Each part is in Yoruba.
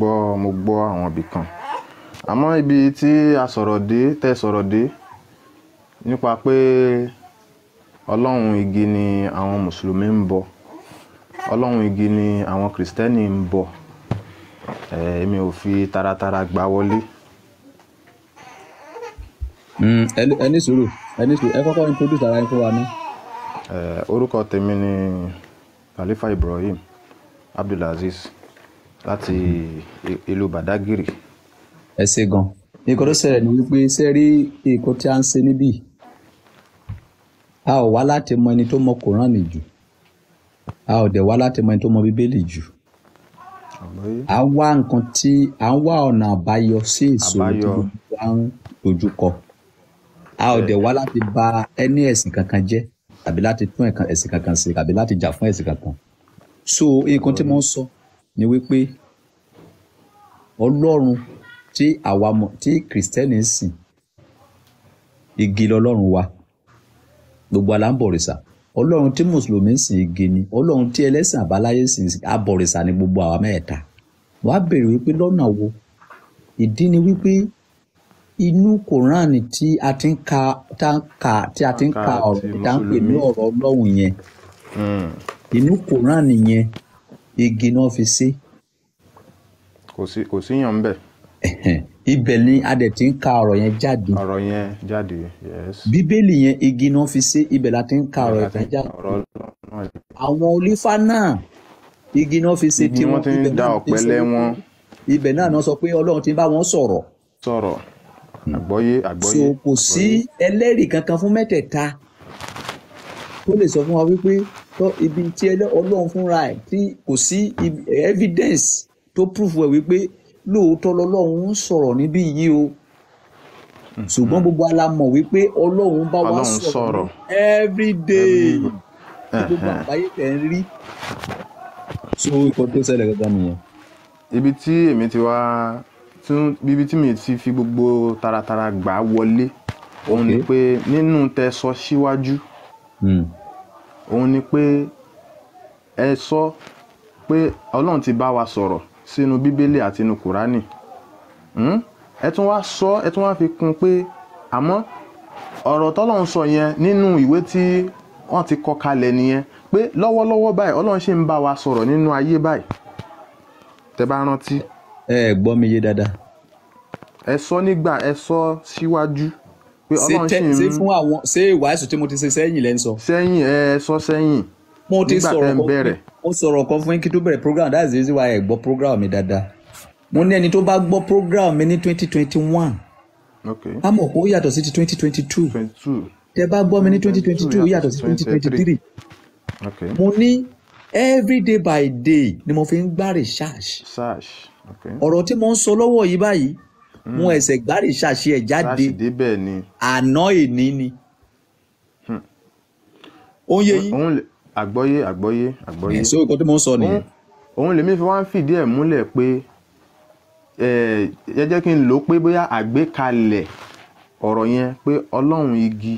gbọ́ mo gbọ́ àwọn ibì kan àmọ́ ibi tí a sọ̀rọ̀ dé tẹ́ sọ̀rọ̀ dé nípa pé ọlọ́run igi ni àwọn mùsùlùmí ń bọ ọlọ́run igi ni àwọn kìrìsìtẹ́nì ń bọ èmi ò fi taratara gbà wọlé. Hmm, ẹni sùúrù ẹni sùúrù ẹ kọ́kọ́ introduce ara yín fún wa ní. orúkọ tèmi ni Khalifa Ibrahim Abdulaziz láti ìlú Badagiri. ẹ ṣe gan nǹkan tó ṣẹlẹ̀ ni wípé ṣe rí nǹkan tí a ń ṣe níbí a ò wá láti mọ ẹni tó mọ Kùránì jù a ò dẹ̀ wá láti mọ ẹni tó mọ Bíbélì jù a wá nǹkan tí a ń wá ọ̀nà àbáyọ sí ìṣòro tó gbogbo à ń dojúkọ a ò dẹ̀ wá láti bà ẹni ẹ̀sìn kankan jẹ́ tàbí láti tún ẹ̀sìn kankan ṣe tàbí láti jà fún ẹ̀sìn kankan so nǹkan tí mo ń sọ. So, ni wípé ọlọ́run tí àwa mọ̀ tí kìrìsìtẹ́nì ń sìn igi lọ́lọ́run wa gbogbo aláǹbọ̀rìṣà ọlọ́run tí mùsùlùmí ń sìn igi ni ọlọ́run tí ẹlẹ́sìn àbáláyé sìn abọ̀rìṣà ni gbogbo àwa mẹ́ẹ̀ta wàá béèrè wípé lọ́nà wo ìdí ni wípé inú koran tí a ti ń ka tá ń ka tí a ti ń ka ọ̀rọ̀ tá ní ọ̀rọ̀ ọlọ́run yẹn hmm. inú koran yẹn igi náà fi ṣe. kò sí kò síyàn ibẹ̀ ni a dẹ̀ ti ń ka ọ̀rọ̀ yẹn jáde. ọ̀rọ̀ yẹn jáde yes. bíbélì yẹn igi náà fi ṣe ibẹ̀ la ti ń ka ọ̀rọ̀ yẹn jáde. àwọn olífá náà igi náà fi ṣe tiwọn ibẹ̀ náà ti ń da ọ̀pẹ lẹ́wọ̀n. ibẹ̀ náà náà sọ pé ọlọ́run ti bá wọn sọ̀rọ̀. sọ̀rọ̀ hmm. àgbọ́yé àgbọ́yé. so kò sí ẹlẹ́rìí kankan fún mẹ́tẹ̀ẹ̀ta ó lè sọ fún wa wípé ibi tí ọlọ́run fúnra ẹ̀ tí kò sí evidence tó proof ẹ̀ wípé lóòótọ́ lọ́lọ́run ń sọ̀rọ̀ níbí yìí o mhm. ṣùgbọ́n gbogbo ala mọ̀ wípé ọlọ́run bá wa sọ̀rọ̀ every day gbogbo àgbáyé tẹ̀ ń rí. so ikọ̀ tó ṣẹlẹ̀ gẹ́gẹ́ nìyẹn. ibi tí èmi ti wá ibi tí mi ti fi gbogbo taratara gbà wọlé òun ni pé nínú tẹ sọ síwájú. Si Hmm. òun ni pé ẹ sọ pé Ọlọ́run ti bá wa sọ̀rọ̀ sínú bíbélì àti inú kùránì hmm? ẹ tún wá sọ ẹ tún wá fi kún pé àmọ́ ọ̀rọ̀ tọ́lọ́run sọ yẹn nínú ìwé tí wọ́n ti kọ kalẹ̀ nìyẹn pé lọ́wọ́lọ́wọ́ báyìí Ọlọ́run ṣì ń bá wa sọ̀rọ̀ nínú ayé báyìí tẹ́ bá rántí. ẹ gbọ́ mi yé dáadáa. ẹ sọ nígbà ẹ sọ síwájú. Si se fún àwọn ṣé ìwàásù tí mo ti se sẹ́yìn lẹ́ ń sọ. sẹ́yìn ẹ sọ sẹ́yìn mo ti sọ̀rọ̀ kan mo sọ̀rọ̀ kan fún yín kí tó bẹ̀rẹ̀ program that's the reason why ẹ gbọ́ program mi dáadáa mo ní ẹni tó bá gbọ́ program mi ní twenty twenty one a mọ̀ pé ó yàtọ̀ sí ti twenty twenty two tẹ bá gbọ́ mi ní twenty twenty two yàtọ̀ sí twenty twenty three mo ní every day by day ni mo fi ń gbá research ọ̀rọ̀ tí mo ń sọ lọ́wọ́ yìí báyìí mú mm. ẹsẹ̀ gbárìṣà ṣe ẹ̀ jáde àná èní ni. Hmm. òun yẹ yín. àgbọ́yé àgbọ́yé àgbọ́yé. ẹ̀sìn òkò tí mo ń sọ nìyẹn. òun lèmi fi wá ń fìdí ẹ̀ múlẹ̀ pé ẹ jẹ́ kí n lò ó pé bóyá àgbékalẹ̀ ọ̀rọ̀ yẹn pé ọlọ́run igi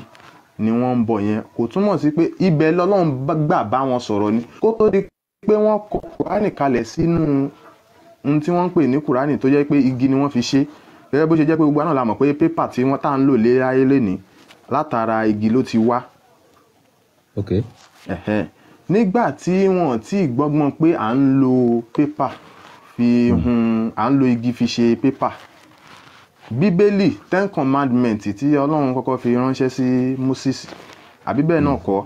ni wọ́n ń bọ̀ yẹn kò túmọ̀ sí pé ibẹ̀ lọ́lọ́run gbà bá wọn sọ̀rọ̀ ni kó tó di pé wọ́n kọ kùránì kalẹ̀ sínú ohun tí wọ́n ń pè ní kùránì tó jẹ́ pé igi ni wọ́n fi ṣe é gẹ́gẹ́ bó ṣe jẹ́ pé gbogbo náà la mọ̀ pé pépà tí wọ́n tá à ń lò lé ayé lénìí látara igi ló ti wá. Okay. Ẹ̀hẹ́n. nígbà tí wọ́n ti gbọ́gbọ́n pé à ń lo pépà fi hmm. hun à ń lo igi fi ṣe pépà bíbélì ten commandments tí ọlọ́run kọ́kọ́ fi ránṣẹ́ sí Moses àbí náà hmm. kọ́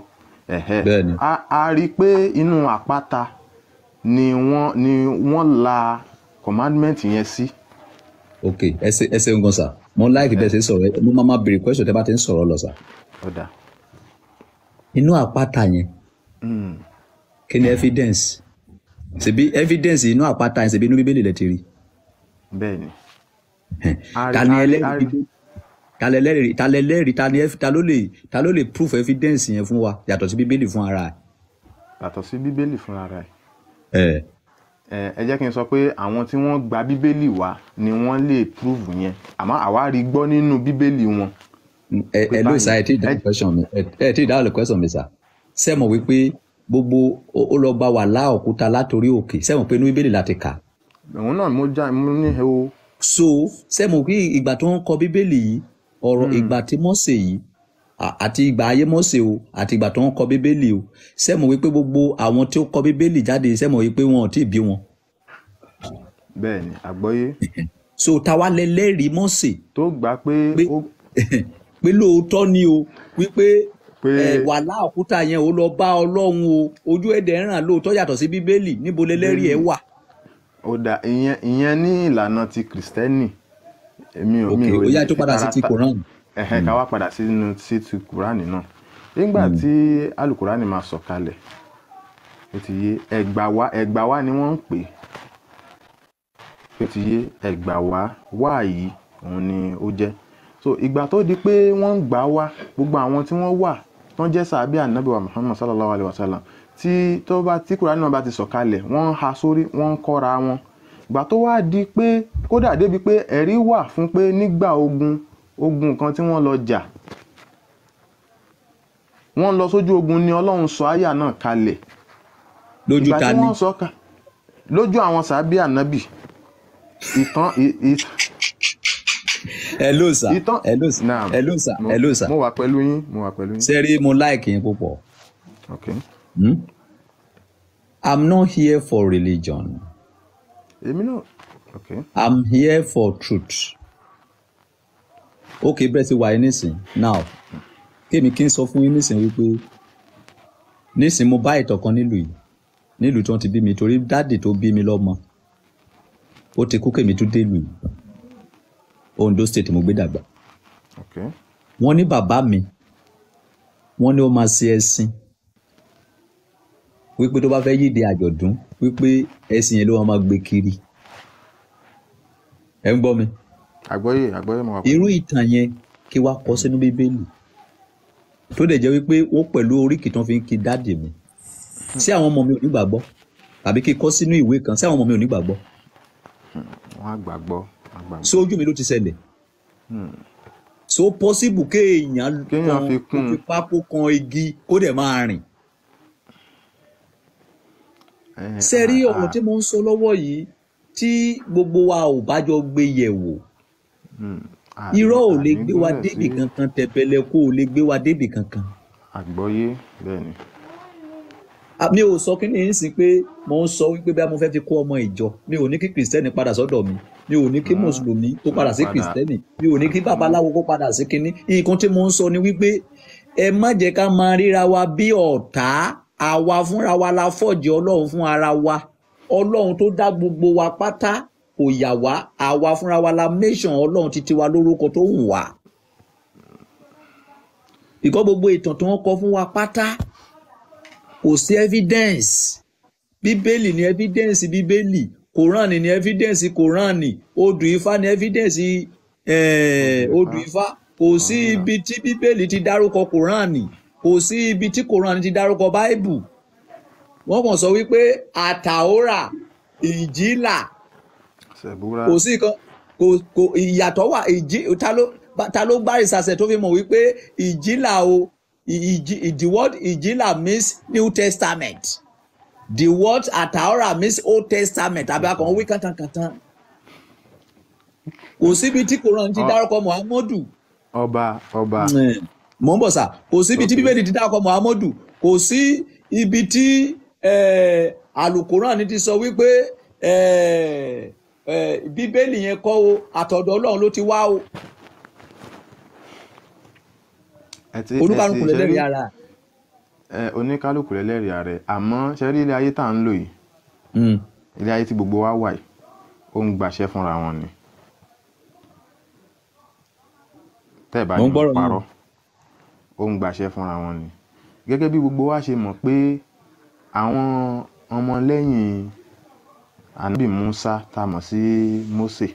a rí i pé inú àpáta ni wọ́n ni wọ́n la commandment yẹn sí. Si ok ẹ ṣe ẹ ṣeun gan sa mo láìkí bẹ́ẹ̀ ṣe sọ̀rọ̀ ẹ mo máa máa béèrè question tẹ́ bá ti ń sọ̀rọ̀ lọ sa. inú àpáta yẹn hmm. kí ni evidence ṣebí evidence inú àpáta yẹn ṣebí inú bíbélì lẹ ti rí. bẹ́ẹ̀ni. ta ni ẹlẹ́rìí ta lẹ́lẹ́rìí ta lẹ́lẹ́rìí ta ni ta ló lè ta ló lè proof evidence yẹn fún wa yàtọ̀ sí bíbélì fún ara ẹ̀. yàtọ̀ sí bíbélì fún ara ẹ ẹ jẹ́ kí n sọ pé àwọn tí wọ́n gba bíbélì wá ni wọ́n lè prove yẹn àmọ́ àwa rí gbọ́ nínú bíbélì wọn. ẹ ló sa ẹ tí ìdáhùn question mi ẹ tí ìdáhùn question mi sà sẹ́mọ̀ wípé gbogbo ó lọ bá wà lá òkúta látòrí òkè sẹ́mọ̀ pé inú bíbélì láti kà. òun náà mo já mo ní o. so sẹ́mọ̀ pé ìgbà tó ń kọ bíbélì yìí ọ̀rọ̀ hmm. ìgbà tí mọ́sẹ̀ yìí àti ìgbà ayé Mósè o àti ìgbà tó ń kọ bíbélì o sẹ́mu wípé gbogbo àwọn tí ó kọ bíbélì jáde sẹ́mu wípé wọn ò tí ì bí wọn. bẹ́ẹ̀ni àgbọ́yé. so táwa lẹlẹ́rìí Mósè. tó gbà pé ó. pé lóòótọ́ ni o wípé wàhálà òkúta yẹn ó lọ bá ọlọ́run o ojú ẹ̀dẹ̀ ń ràn lóòótọ́ yàtọ̀ sí bíbélì níbo lẹlẹ́rìí ẹ̀ wà. ó dà ìyẹn ní ìlànà ti kìrìsìtẹ́nì èmi ò mi ò lè fi ara ta ẹ̀hẹ́ hmm. ká wá padà sínú sí ti kúránì náà nígbà hmm. tí alukúránì máa sọ̀kalẹ̀ ó ti yé ẹgbà wá ẹgbà wá ni wọ́n ń pè ó ti yé ẹgbà wá wá yìí òun ni ó jẹ́ so ìgbà tó di pé wọ́n ń gbà wá gbogbo àwọn tí wọ́n wà tó ń jẹ́ sàbí ànábì wa sallallahu alayhi wa sallam tí tó bá tí kúránì náà bá ti sọ̀kalẹ̀ wọ́n ń ha sórí wọ́n ń kọ́ra wọn ìgbà tó wá di pé kódà débi pé ẹ̀rí wà fún pé nígbà ogun ogun kan tí wọ́n lọ jà wọ́n lọ sójú ogun ni ọlọ́run sọ àyà náà kalẹ̀ lójú ta ni lójú àwọn sàbí ànábì ìtàn hello sir ìtàn hello sir hello sir hello sir mo wà pẹ̀lú yín mo wà pẹ̀lú yín. sẹ́rí mo láìkì yín púpọ̀. okay. Hmm? i'm not here for religion. èmi náà. okay. i'm here for truth ok bẹ́ẹ̀ ti wà yín nísìn now kémi kí n sọ fún yín nísìn wípé nísìn mo bá ìtàn kan nílùú yìí nílùú tí wọ́n ti bí mi torí dáàdì tó bí mi lọ́mọ ó ti kú kémi tún délùú yìí Ondo state mo gbé dàgbà okay. wọ́n ní bàbá mi wọ́n ní ó máa ṣe ẹ̀sìn wípé tó bá fẹ́ yíde àjọ̀dún wípé ẹ̀sìn yẹn ló máa gbé kiri ẹ̀ ń gbọ́ mi. Okay àgbọ́yé àgbọ́yé mo wà. irú ìtàn yẹn kí wàá kọ sínú bíbélì tó dẹ̀ jẹ́ wípé ó pẹ̀lú oríkì tó fi ń kí dáàdì mi sí àwọn ọmọ mi ò ní gbàgbọ́ àbí kí n kọ́ sínú ìwé kan sí àwọn ọmọ mi ò ní gbàgbọ́. wọ́n gbàgbọ́. so ojú mi ló ti ṣẹlẹ̀ so hmm. possible kéèyàn kan kó fi pákó kan igi kó dẹ̀ máa rìn. sẹ́rí eh, ah, ọ̀rọ̀ ah. tí mo ń sọ lọ́wọ́ yìí tí gbogbo wa ò bá jọ gbé yẹ̀ Hmm. irọ́ ò lè gbé wa débì kankan tẹ̀bẹ̀lẹ̀ kó ò lè gbé wa débì kankan. àgbọ́yé bẹ́ẹ̀ ni. mi ò sọ kíni yín sí pé mo ń sọ wípé bí a mo fẹ́ fi kó ọmọ ìjọ mi ò ní kí kìrìsìtẹ́nì padà sọ́dọ̀ mi mi ò ní kí ah, mùsùlùmí tó padà sí kìrìsìtẹ́nì mi ò ní kí babaláwo kó padà sí kínní nǹkan tí mo ń sọ ni wípé ẹ má jẹ́ ká máa ríra wa bí ọ̀tá àwa fúnra wa la fọ́jì ọlọ́run fún ara wa ọlọ́run tó dá gbogbo wa pátá kò yà wá àwa fúnra wa la mẹ́sàn ọlọ́run ti tiwa lórúkọ tó wù wá. ìkọ́ gbogbo ìtàn tí wọ́n kọ fún wa pátá kò sí evidence bíbélì ni evidence bíbélì kòránì ni evidence kòránì odù ifá ni evidence eh, odù ifá kò sí ibi tí bíbélì ti dárúkọ kòránì kò sí ibi tí kòránì ti dárúkọ báìbù wọ́n kàn sọ wípé àtàórà ìjìlá kò sí kan kò kò ìyàtọ̀ wà ìjì ta ló ta ló gbá ìsàsẹ̀ tó fi mọ̀ wípé ìjìlá o ìjì the word ìjìlá means New Testament the word àtàwọ́rà means Old Testament àbí akọ̀wé wí kankankantan kò síbi tí Kùránì ti dárúkọ Muhammadu. ọba ọba. mò ń bọ̀ sà kò síbi tí Bíbélì ti dárúkọ Muhammadu kò sí ibi tí Àlùkùránì ti sọ wípé. Eh, bíbélì yẹn kọ́ o àtọ̀dọ̀ ọlọ́run ló ti wá o. olúkálùkù lẹ́lẹ́rìí ara. oníkálùkù lẹ́lẹ́rìí ara ẹ̀ àmọ́ ṣe rí ilé ayé tá à ń lò yìí hmm. ilé ayé tí gbogbo wa wà yìí ó ń gbàṣẹ fúnra wọn ni. tẹ́ ẹ̀ bá ní parọ́ ó ń gbàṣẹ fúnra wọn ni gẹ́gẹ́ bí gbogbo wa ṣe mọ̀ pé àwọn ọmọlẹ́yìn anabi musa tá a mọ̀ sí mose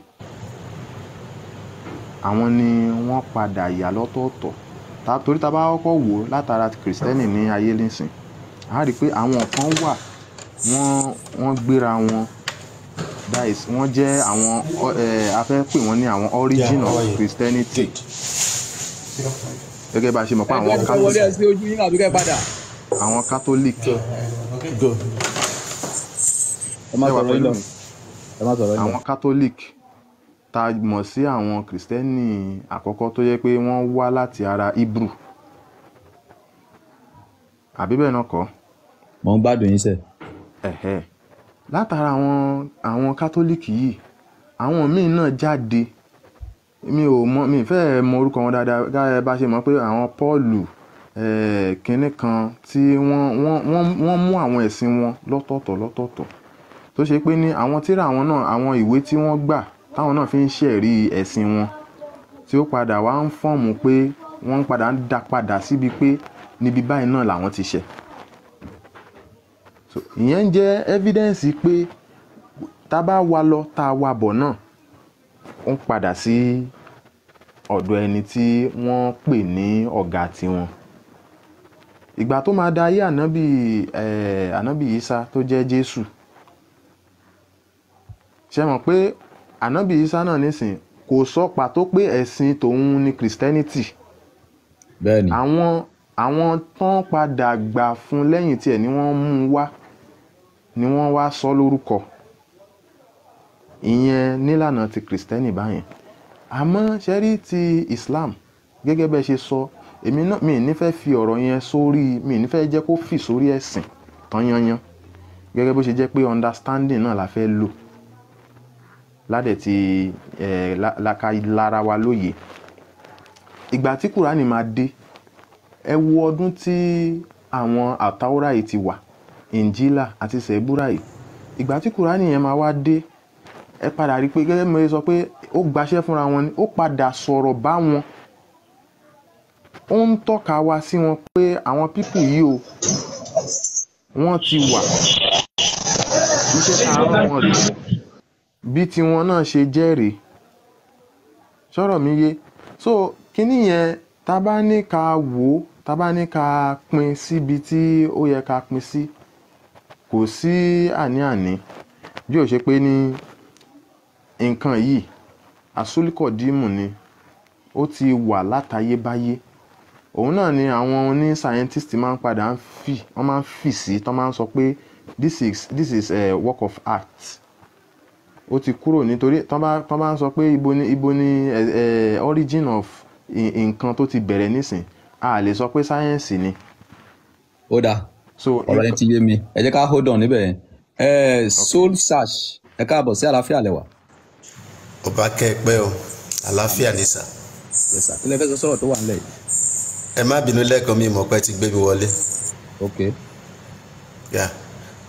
àwọn ni wọ́n padà yà lọ́tọ̀ọ̀tọ̀ torí tá a bá kọ́kọ́ wò látara kìrìsìtẹ́nì ní ayé nísìn a rí i pé àwọn kan wà wọ́n wọ́n gbéra wọn guys wọ́n jẹ́ àwọn a fẹ́ pè wọ́n ní àwọn origin of christianity gẹ́gẹ́ bá a ṣe mọ̀ pé àwọn catholic àwọn catholic ẹ má sọ̀rọ̀ yín lọ ẹ má sọ̀rọ̀ yín lọ. àwọn catholic tá a mọ̀ sí àwọn kìrìsìtẹ́nì àkọ́kọ́ tó yẹ pé wọ́n wá láti ara hebrew àbí bẹ́ẹ̀ náà kọ́. mo ń gbádùn yín sẹ́. ẹ̀hẹ́ látara àwọn àwọn catholic yìí àwọn míì náà jáde mi ò mọ mi fẹ́ mọ orúkọ wọn dáadáa gáyẹ bá ṣe mọ̀ pé àwọn pọ́ọ̀lù kínní kan tí wọ́n mú àwọn ẹ̀sìn wọn lọ́tọ̀ọ̀tọ̀ lọ́tọ̀ọ̀tọ̀ tó ṣe pé ní àwọn tírà àwọn náà àwọn ìwé tí wọ́n gbà táwọn náà fi ń ṣẹ̀rí ẹ̀sìn wọn tí ó padà wá ń fọ́ọ̀mù pé wọ́n ń padà ń da padà síbi pé níbi báyìí náà làwọn ti ṣẹ̀ so ìyẹn ń jẹ́ evidence pé tá a bá wa lọ tá a wa bọ̀ náà ó ń padà sí ọ̀dọ̀ ẹni tí wọ́n pè ní ọ̀gá tiwọn ìgbà tó máa da ayé ànábì ẹ̀ ànábì Ìsá tó jẹ́ Jésù ṣe mọ̀ pé ànábì isa náà nísìn kò sọ pàtó pé ẹ̀sìn tòun ni christianity bẹ́ẹ̀ni àwọn àwọn tán padà gbà fún lẹ́yìn tiẹ̀ ni wọ́n mú wá ni wọ́n wá sọ lórúkọ ìyẹn nílànà ti kristẹni báyẹn àmọ́ ṣẹ́rí ti islam gẹ́gẹ́ bẹ́ẹ̀ ṣe sọ èmi náà mi ní fẹ́ fi ọ̀rọ̀ yẹn sórí mi ní fẹ́ jẹ́ kó fì sórí ẹ̀sìn tán yanyan gẹ́gẹ́ bó ṣe jẹ́ pé understanding náà la fẹ́ lò ládẹ̀ ti ẹ̀ laka lára wa lóye ìgbà tí kùránì máa dé ẹ wo ọdún tí àwọn àtàwọ́rà yìí ti wà ìǹjìlá àti sẹ̀búrà yìí ìgbà tí kùránì yẹn máa wá dé ẹ padà rí i pé gẹ́gẹ́ mo sọ pé ó gbaṣẹ́ fúnra wọn ni ó padà sọ̀rọ̀ bá wọn ó ń tọ́ka wa sí wọn pé àwọn pípù yìí o wọ́n ti wà iṣẹ́ tá wọn rèé bí tiwọn náà ṣe jẹ́ sọ̀rọ̀ mi yé so kíní yẹn tá bá ní ká wò ó tá bá ní ká pín síbi tí ó yẹ ká pín sí kò sí àní-àní bí ó ṣe pé ní nǹkan yìí asúlíkọ̀dímù ni ó ti wà látayébáyé òun náà ni àwọn oní scientist máa ń padà fì wọ́n máa ń fì sí tán máa ń sọ pé this is this is a eh, work of art ó ti kúrò nítorí tán bá tán bá ń sọ pé ibo ni ibo ni origin of nǹkan tó ti bẹ̀rẹ̀ nísìn a lè sọ pé sáyẹ́ǹsì ni. ó dáa ọ̀rọ̀ yẹn ti yé mi ẹ jẹ́ ká hold on níbẹ̀ yẹn soul search ẹ káàbọ̀ sí àlàáfíà lẹ́wà. ọba kẹpẹ o àlàáfíà ni sà. ẹ̀sà kí lẹ fẹ́ sọ sọ̀rọ̀ tó wà nílẹ̀ yìí. ẹ má bínú lẹ́ẹ̀kan mi ìmọ̀pẹ́ ti gbé mi wọlé. ok. yeah.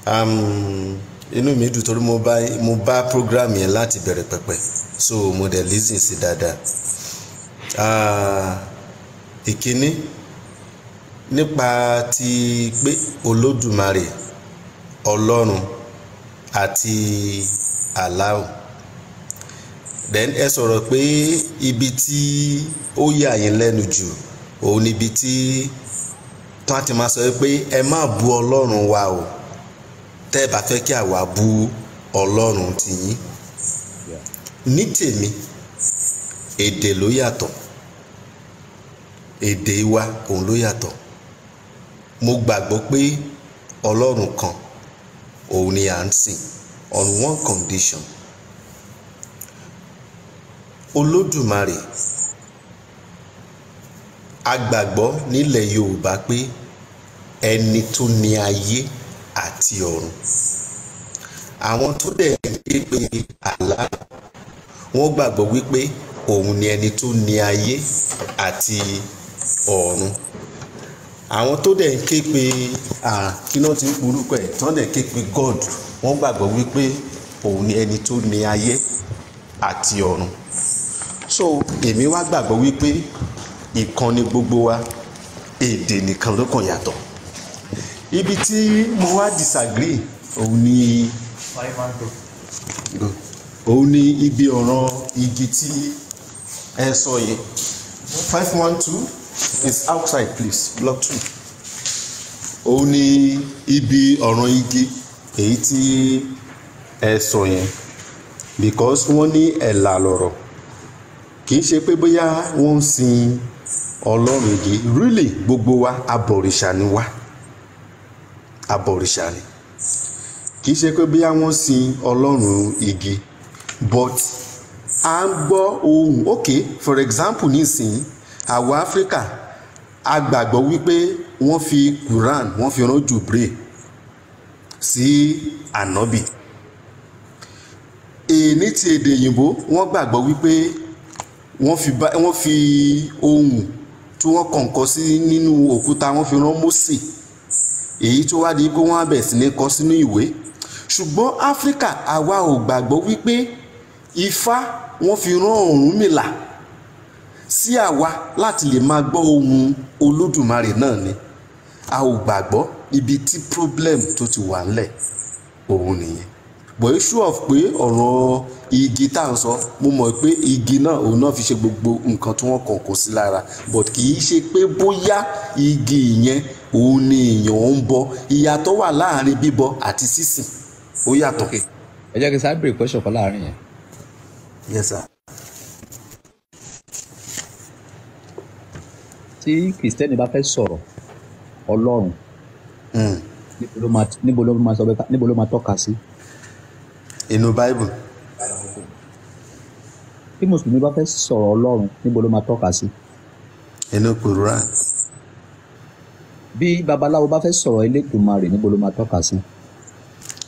um, inú mi dùn torí mo bá mo bá program yẹn láti bẹ̀rẹ̀ pẹ̀pẹ̀ so mo dẹ̀ listen sí dáadáa ah, ìkíní nípa ti pé olódùmarè ọlọ́run àti aláwọ̀ then ẹ sọ̀rọ̀ pé ibi tí ó yà yín lẹ́nu jù òun níbi tí tó a ti máa sọ pé ẹ má bu ọlọ́run wa o tẹ́ ẹ bá fẹ́ kí àwa bú ọlọ́run tiyín ní tèmi èdè ló yàtọ̀ èdè wa òun ló yàtọ̀ mo gbàgbọ́ pé ọlọ́run kan òun ni à ń sìn on one condition olódùmarè a gbàgbọ́ nílẹ̀ yorùbá pé ẹni tó ní ayé àti ọ̀run àwọn tó dẹ̀ ń ké pe àlá wọ́n gbàgbọ́ wípé òun ni ẹni tó ní ayé àti ọ̀run àwọn tó dẹ̀ ń ké pe kí náà ti ń porúkọ ẹ̀ tán dẹ̀ ké pe God wọ́n gbàgbọ́ wípé òun ni ẹni tó ní ayé àti ọ̀run so èmi wá gbàgbọ́ wípé ìkan ni gbogbo wa èdè nìkan ló yàtọ̀ ibi tí mo wá disagree òun ni òun ni ibi ọ̀ràn igi tí ẹ sọ yìí five one two is outside please block two òun ni ibi ọ̀ràn igi èyí tí ẹ sọ yẹn because wọ́n ní ẹ̀là lọ̀rọ̀ kì í ṣe pé bóyá wọ́n ń sin ọlọ́run igi really gbogbo wa abọ̀rìṣà ni wa. Really, abọ̀rìṣà ni kì í ṣe pé bí wọ́n sin ọlọ́run igi but à ń gbọ́ ohun ok for example nísìnyí àwa Áfíríkà a gbàgbọ́ wípé wọ́n fi Quran wọ́n fi rán Jubril sí ànábì èyí ti èdè òyìnbó wọ́n gbàgbọ́ wípé wọ́n fi ba wọ́n fi ohun tí wọ́n kọ̀ǹkọ̀ sí nínú òkúta wọ́n fi rán Mósè èyí tó wá di pé wọ́n á bẹ̀ sí ní kọ sínú ìwé ṣùgbọ́n áfíríkà àwa ò gbàgbọ́ wípé ifá wọ́n fi rán Ọ̀rúnmìlà sí àwa láti lè máa gbọ́ ohùn olódùmarè náà ni a ò gbàgbọ́ ibi tí problem tó ti wà ńlẹ̀ òun nìyẹn bọ̀ issue of pé ọ̀rọ̀ igi tá à ń sọ mo mọ̀ pé igi náà òun náà fi ṣe gbogbo nǹkan tí wọ́n kàn kó sí lára but kì í ṣe pé bóyá igi ìyẹn òun ni èèyàn ń bọ ìyàtọ̀ wà láàrin bíbọ àti sísìn ó yàtọ̀. ẹ jẹ́ kí sáà bèrè question kan láàrin yẹn. yes sir. tí kìrìsìtẹ́nì bá fẹ́ sọ̀rọ̀ ọlọ́run hmm. níbo ló máa sọ bẹ́ẹ̀ níbo ló máa tọ́ka sí. inú báìbù. tí mùsùlùmí bá fẹ́ sọ̀rọ̀ ọlọ́run níbo ló máa tọ́ka sí. inú kùrán bí babaláwo bá fẹ́ sọ̀rọ̀ Elédùmarè níbo ló máa tọ́ka sí.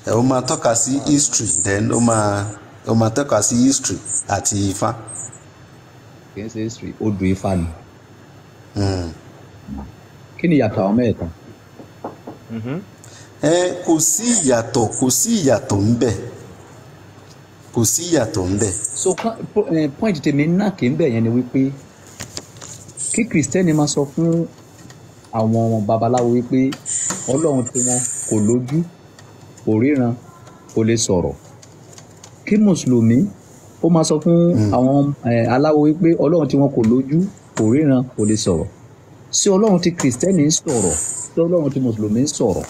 ẹ ó máa tọ́ka sí history then ó máa ó máa tọ́ka sí history àti ifá. kì í ṣe history odù ifá ni. Hmm. kí ni ìyàtọ̀ àwọn mẹ́ẹ̀ta. Mm-hmm. ẹ kò sí ìyàtọ̀ kò sí ìyàtọ̀ ń bẹ kò sí ìyàtọ̀ ń so eh, point tèmi náà kì í bẹ̀ yẹn ni wípé kí kìrìsìtẹ́nì máa sọ fún àwọn babaláwo wípé ọlọ́run tí wọn kò lójú kò ríran kò lè sọ̀rọ̀ kí mùsùlùmí ó máa sọ fún hmm. àwọn aláwo wípé ọlọ́run tí wọn kò lójú kò ríran kò lè sọ̀rọ̀ sí ọlọ́run tí kìrìsìtẹ́nì ń sọ̀rọ̀ sí ọlọ́run tí mùsùlùmí ń sọ̀rọ̀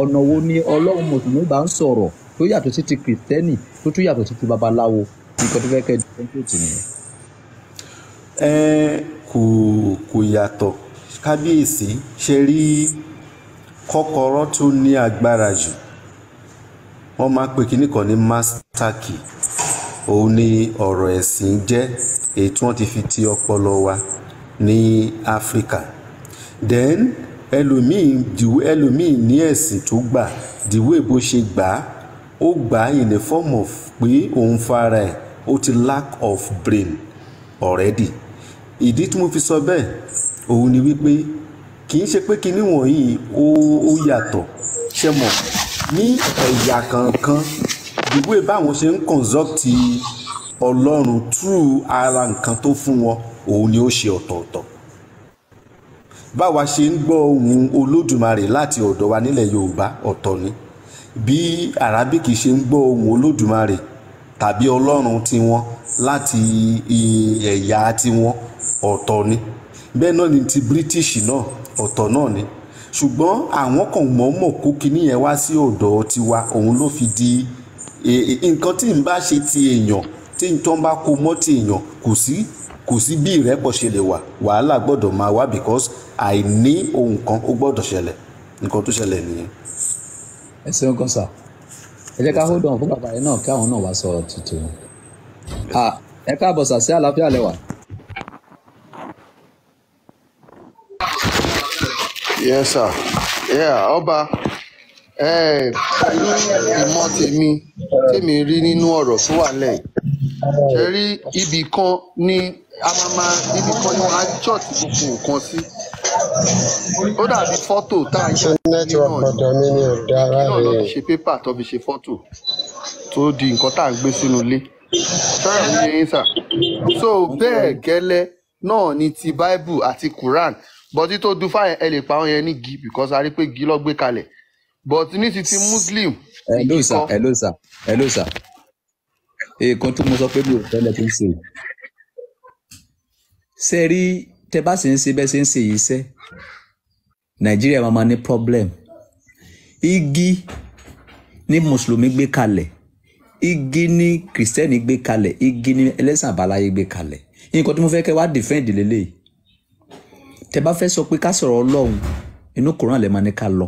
ọ̀nà wo ni ọlọ́run mùsùlùmí bá ń sọ̀rọ̀ tó yàtọ̀ sí ti kìrìsìtẹ́nì tó tún yàtọ̀ sí ti babaláwo nǹkan tó fẹ́ kẹ́ ẹ kò kò yàtọ̀ kábíyèsí ṣe rí kọ́kọ́rọ́ tó ní agbára jù wọ́n máa pe kinní kan ní master òun ni ọ̀rọ̀ ẹ̀sìn jẹ́ èyí tí wọ́n ti fi ti ọpọlọ wa ní Áfíríkà then ẹlòmíì dìwé ẹlòmíì ní ẹ̀sìn tó gbà dìwé bó ṣe gbà á ó gbà á in the form of pé òun fara ẹ̀ ó ti lack of brain already ìdí tí mo fi sọ bẹ́ẹ̀ òun ni wípé kì í ṣe pé kinní wọ̀nyí ó ó yàtọ̀ ṣe mọ̀ ní ẹ̀yà kankan ìwé báwọn ṣe ń kọ̀ǹsọ́ọ̀tì ọlọ́run through ara nǹkan tó fún wọn òun ni ó ṣe ọ̀tọ̀ọ̀tọ̀ báwa ṣe ń gbọ́ ohùn olódùmarè láti ọ̀dọ̀ wa nílẹ̀ yorùbá ọ̀tọ̀ ni bí arabic ṣe ń gbọ́ ohùn olódùmarè tàbí ọlọ́run tiwọn láti ẹ̀yà tiwọn ọ̀tọ̀ ni bẹ́ẹ̀ náà ni ti british náà ọ̀tọ̀ náà ni ṣùgbọ́n àwọn kan mọ̀ọ́mọ̀ kó kinní yẹn wá sí ọ̀dọ̀ tiwa òun ló fi di e, e, nǹkan tí n bá ṣe ti èèyàn tí n tán bá kó mọ́ ti èèyàn kò sí kò sí bí ìrẹ́pọ̀ ṣe lè wà wàhálà gbọ́dọ̀ máa wá because àìní ohun kan ó gbọ́dọ̀ ṣẹlẹ̀ nǹkan tó ṣẹlẹ̀ nìyẹn. ẹ ṣeun kan sà ẹ jẹ́ ká hold on fún bàbá yẹn náà kí àwọn náà wá sọ tuntun ah, ẹ káàbọ̀ sà sí àlàáfíà lẹ́wà. yes sir yeah ọba pẹ̀lú ìmọ̀ tèmi tèmi rí nínú ọ̀rọ̀ tó wà lẹ̀ ṣe rí ibì kan ní amama ibì kan ní wọn á chọ́ọ̀tì gbogbo nǹkan sí ó dàbí fọ́tò tá à ń ṣe náà ló fi ṣe pépà tó fi ṣe fọ́tò tó di nǹkan tá à gbé sínú ilé sọ́yà ní yẹn sà so bẹ́ẹ̀ gẹ́lẹ́ náà ni ti Bible àti Quran bọ́tí tó du fáyẹn ẹ lè pa wọn yẹn ní gi because a rí pé gi ló kalẹ̀ but ní ti ti muslim. ẹ ló sà ẹ ló sà ẹ ló sà èèkan tí mo sọ pé mi ò tẹ́lẹ̀ tó ń ṣe ṣe rí tẹ bá sì ń ṣe bẹ́ẹ̀ ṣe ń ṣe yìí ṣe nàìjíríà máa ma ní problem igi ní mùsùlùmí gbé kalẹ̀ igi ní kìrìsìtẹ́nì gbé kalẹ̀ igi ní ẹlẹ́sìn àbáláyé gbé kalẹ̀ nǹkan tí mo fẹ́ kẹ́ wá defend lélẹ́yìí tẹ bá fẹ́ sọ pé ká sọ̀rọ̀ ọlọ́run inú koran lè máa ní ká lọ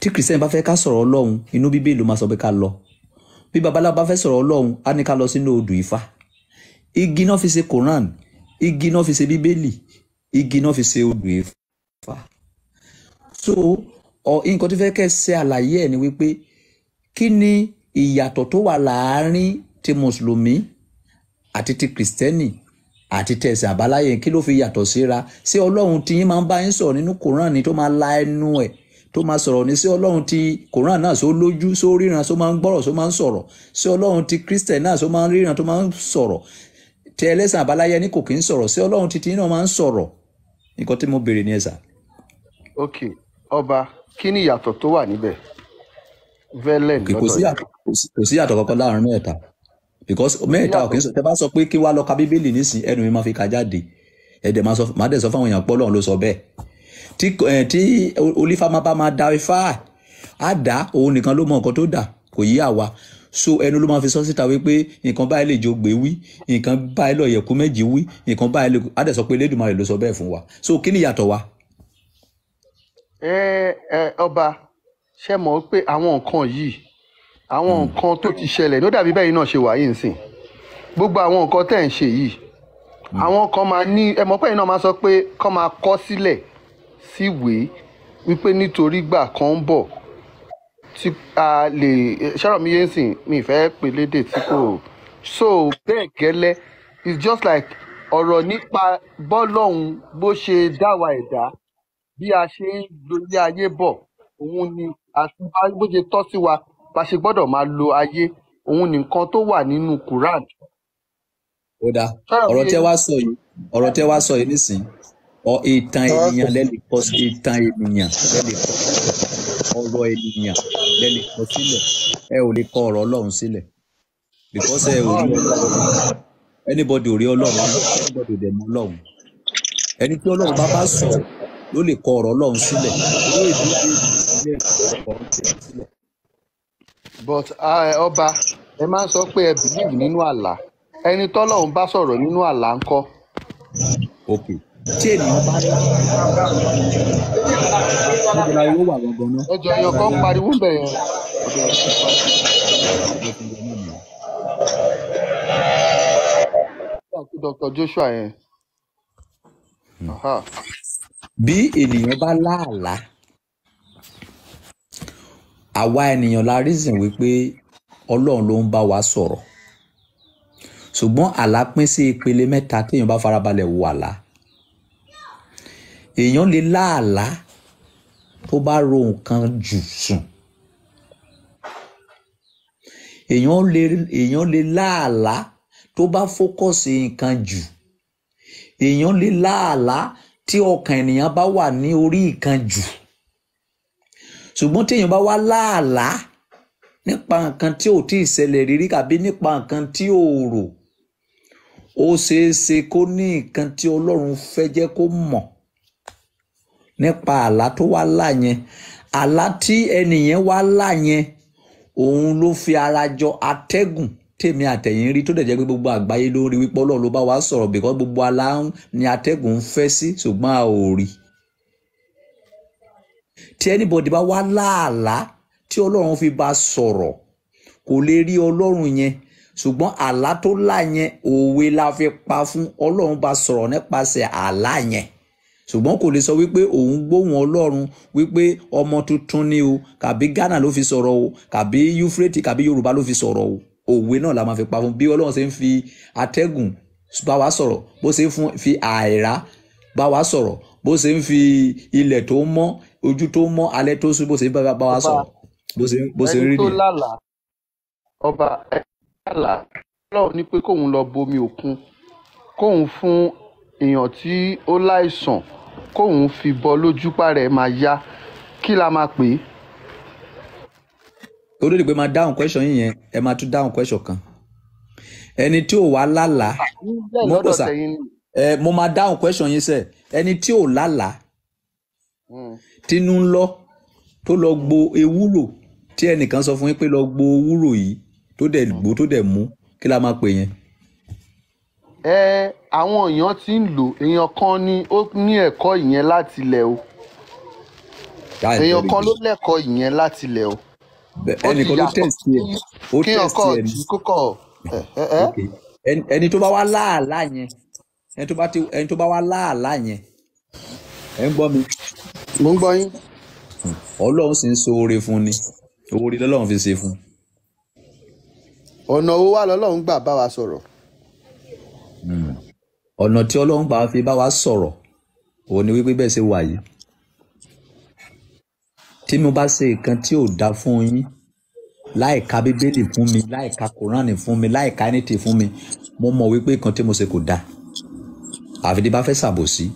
tí kìrìsìtẹ́nì bá fẹ́ ká sọ̀rọ̀ ọlọ́run inú bíbélì ló máa sọ pé ká lọ bí babaláwo bá fẹ́ sọ̀rọ̀ ọlọ́run á ní ká lọ sínú odù ifá igi náà fi ṣe koran igi náà fi ṣe bíbélì igi náà fi ṣe odù ifá so nǹkan tó fẹ́ kẹ́ ṣe àlàyé ẹ̀ ni wípé kí ni ìyàtọ̀ tó wà láàárín ti mùsùlùmí àti ti kìrìsìtẹ́nì àti tẹ̀sìn àbáláyé kí ló fi yàtọ̀ síra ṣé ọlọ́run tí yín máa ń bá yín sọ̀rọ̀ nínú kòrán ni tó máa la ẹnu ẹ̀ tó máa sọ̀rọ̀ ní sí ọlọ́run ti koran náà só lójú só ríran só máa ń gbọ́rọ̀ só máa ń sọ̀rọ̀ sí ọlọ́run ti christian náà só máa ń ríran tó máa ń sọ̀rọ̀ tí ẹlẹ́sìn àbáláyé ní kò kí ń sọ̀rọ̀ sí ọlọ́run ti tìyín náà máa ń sọ̀rọ̀ nǹkan tí mo béèrè ni ẹ sà. ok ọba kí ni ìyàtọ̀ tó wà níbẹ̀ velen lọ́dọ̀ yìí kò sí yàtọ̀ kankan láàrin mẹ́ta because mẹ́ẹ̀ta ọ̀kìn sọ tẹ́ bá sọ pé kí wàá lọ ka bíbélì nísìn ẹnu mi máa fi ka jáde ẹ̀dẹ̀ máa dẹ̀ sọ fún àwọn èèyàn pé Ọlọ́run ló sọ bẹ́ẹ̀ tí olífà máa da ifá á dá òun nìkan ló mọ nǹkan tó dà kò yí àwa so ẹnu ló máa fi sọ síta wípé nǹkan báyìí lè jo gbé wí nǹkan báyìí lọ yẹ̀kú méjì wí nǹkan báyìí lè á dẹ̀ sọ pé Elédùmarè ló sọ bẹ́ẹ̀ fún wa so kí ni ìyàtọ̀ wa. ẹ ẹ ọba ṣe mọ̀ pé àwọn nǹkan yìí àwọn hmm. nǹkan tó ti ṣẹlẹ̀ ló dàbí bẹ́ẹ̀ náà ṣe wà yìí nsìn gbogbo àwọn nǹkan tẹ̀ ń ṣe yìí hmm. àwọn kan máa ní ẹ mọ̀ pé iná máa sọ pé kán máa kọ sílẹ̀ síwèé wípé nítorí gbà kan ń bọ̀ tí a lè ṣàrọ̀ mi yé nsìn mi ìfẹ́ pè tí kò so bẹ́ẹ̀ gẹ́lẹ́ it's just like ọ̀rọ̀ nípa bọ́lọ́hún bó ṣe dáwà ẹ̀dá bí a ṣe ń lórí ayé bọ̀ òun ni àti bó ṣe tọ́ sí wa bá ṣe gbọ́dọ̀ máa lo ayé òun nìkan tó wà nínú Quran. ó dáa ọ̀rọ̀ tẹ́ wá sọ yìí ọ̀rọ̀ tẹ́ wá sọ yìí nísìnyí ọ ìtàn ènìyàn lẹ́lẹ̀ kọ ìtàn ènìyàn lẹ́lẹ̀ kọ ọ̀rọ̀ ènìyàn lẹ́lẹ̀ kọ sílẹ̀ ẹ ò lè kọ ọ̀rọ̀ Ọlọ́run sílẹ̀ because ẹ ò rí Ọlọ́run anybody ò rí Ọlọ́run anybody ò dẹ̀ mọ Ọlọ́run ẹni tí Ọlọ́run bá bá sọ̀rọ̀ ló lè kọ ọ̀rọ̀ Ọlọ́run sílẹ̀ ló lè dúró dé ìdílé ọ̀rọ̀ Ọlọ́run sílẹ̀ but ọba ẹ máa ń sọ believe nínú àlá ẹni tọ́lọ́run bá sọ̀rọ̀ nínú àlá ń kọ́. tí ènìyàn bá dá níbi la wà náà. ẹjọ pariwo hmm. bí ènìyàn bá àwa ènìyàn la reason wípé ọlọ́run ló ń bá wa sọ̀rọ̀ ṣùgbọ́n àlá pín sí ìpele mẹ́ta téèyàn bá farabalẹ̀ wò àlá èèyàn lè lá àlá tó bá ro nǹkan jù sùn èèyàn lè èèyàn lè lá àlá tó bá fókọ̀sì nǹkan jù èèyàn lè lá tí ọkàn ènìyàn bá wà ní orí nǹkan jù ṣùgbọ́n téèyàn bá wá láàlá nípa nǹkan tí ò tí ì ṣẹlẹ̀ rírí àbí nípa nǹkan tí ò rò ó ṣeé ṣe kó ní nǹkan tí ọlọ́run fẹ́ jẹ́ kó mọ̀ nípa àlá tó wá lá yẹn àlá tí ẹnìyẹn wá lá òun ló fi ara jọ atẹ́gùn tèmi àtẹ̀yìn rí tó dẹ̀ jẹ́ pé gbogbo àgbáyé ló ń rí wípé ọlọ́run ló bá wa sọ̀rọ̀ bìkọ́ gbogbo àlá ni atẹ́gùn ń fẹ́ sí ṣùgbọ́n a ò rí i tí anybody bá wá láàlá tí ọlọ́run fi bá sọ̀rọ̀ kò lè rí ọlọ́run yẹn ṣùgbọ́n àlá tó lá yẹn òwe la fi pa fún ọlọ́run bá sọ̀rọ̀ nípasẹ̀ àlá yẹn ṣùgbọ́n kò lè sọ wípé òun gbóhùn ọlọ́run wípé ọmọ tuntun ni o kàbí Ghana ló fi sọ̀rọ̀ o kàbí Euphrates kàbí Yorùbá ló fi sọ̀rọ̀ o òwe náà la máa fi pa fún bí ọlọ́run ṣe ń fi atẹ́gùn bá wa sọ̀rọ̀ bó ṣe ń fi àìrá bá wa sọ̀rọ̀ bó ṣe ń fi ilẹ̀ tó mọ́ ojú tó mọ́ alẹ́ tó sùn bó ṣe bá bá wa sọ̀rọ̀ bó ṣe rí nìyẹn. ẹni tó lálàá ọba ẹni tó lálàá lọ́wọ́ ni pé kóun lọ bomi òkun kóun fún èèyàn tí ó láìsàn kóun fi bọ lójúpá rẹ̀ máa yá kí la máa pè é. olórí pé máa dáhùn question yìí yẹn ẹ máa tún dáhùn question kan ẹni tí ò wá lálàá mo kò sà ẹ mo máa dáhùn question yìí sẹ ẹni tí ò lálàá hmm tínú ń lọ tó lọ gbo ewúro tí ẹnìkan sọ fún yín pé lọ gbo ewúro yìí tó dẹ̀ gbó tó dẹ̀ mú kí la máa pè yẹn. ẹ àwọn èèyàn ti ń lò èèyàn kan ni ó ní ẹ̀kọ́ ìyẹn láti ilẹ̀ o èèyàn kan ló lẹ́kọ̀ọ́ ìyẹn láti ilẹ̀ o ẹnìkan ló tẹ̀sí ẹ̀ ó tẹ̀sí ẹ̀ ní ẹni tó bá wá láàlá yẹn ẹni tó bá wá láàlá yẹn ẹ ń gbọ́ mi mo ń gbọ́ yín. ọlọ́run sì ń so oore fún ni oore lọ́lọ́run fi ṣe fún. ọ̀nà owó wa lọ́lọ́run gbà bá wa sọ̀rọ̀. Hmm. ọ̀nà tí ọlọ́run gbà fi bá wa sọ̀rọ̀ òun ni wípé bẹ́ẹ̀ ṣe wà yìí. tí mo bá ṣe nǹkan tí ò dáa fún yín láìka bíbélì fún mi láìka kòránì fún mi láìka ẹnìtì fún mi mo mọ̀ wípé nǹkan tí mo ṣe kò dáa àfi tí bá fẹ́ ṣàbòsí